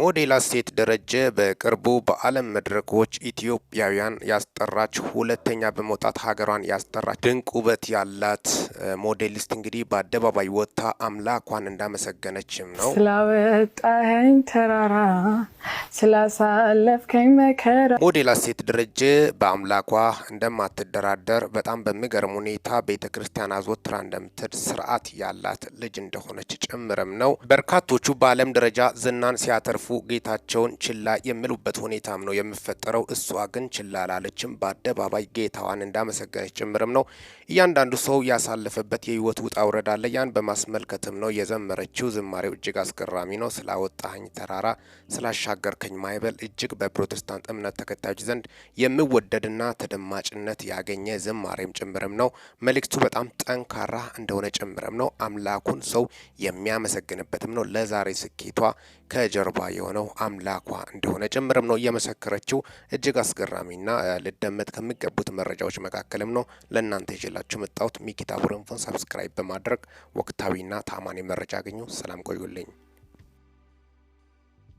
ሞዴል ሴት ደረጀ በቅርቡ በዓለም መድረኮች ኢትዮጵያውያን ያስጠራች ሁለተኛ በመውጣት ሀገሯን ያስጠራች ድንቅ ውበት ያላት ሞዴሊስት እንግዲህ በአደባባይ ወጥታ አምላኳን እንዳመሰገነችም ነው። ስላወጣኸኝ ተራራ ስላሳለፍከኝ መከራ። ሞዴል ሀሴት ደረጀ በአምላኳ እንደማትደራደር በጣም በሚገርም ሁኔታ ቤተ ክርስቲያን አዘወትራ እንደምትድ ስርዓት ያላት ልጅ እንደሆነች ጭምርም ነው። በርካቶቹ በዓለም ደረጃ ዝናን ሲያተርፉ ሲያልፉ ጌታቸውን ችላ የሚሉበት ሁኔታም ነው የሚፈጠረው። እሷ ግን ችላ አላለችም። በአደባባይ ጌታዋን እንዳመሰገነች ጭምርም ነው። እያንዳንዱ ሰው ያሳለፈበት የህይወት ውጣ ውረድ አለ። ያን በማስመልከትም ነው የዘመረችው። ዝማሬው እጅግ አስገራሚ ነው። ስላወጣኝ ተራራ ስላሻገርከኝ ማይበል እጅግ በፕሮቴስታንት እምነት ተከታዮች ዘንድ የሚወደድና ተደማጭነት ያገኘ ዝማሬም ጭምርም ነው። መልእክቱ በጣም ጠንካራ እንደሆነ ጭምርም ነው። አምላኩን ሰው የሚያመሰግንበትም ነው። ለዛሬ ስኬቷ ከጀርባ የሆነው አምላኳ እንደሆነ ጭምርም ነው እየመሰከረችው። እጅግ አስገራሚና ልደመጥ ከሚገቡት መረጃዎች መካከልም ነው ለእናንተ ይዤላችሁ መጣሁት። ቡረንፎን ሰብስክራይብ በማድረግ ወቅታዊና ታማኒ መረጃ አገኙ። ሰላም ቆዩልኝ።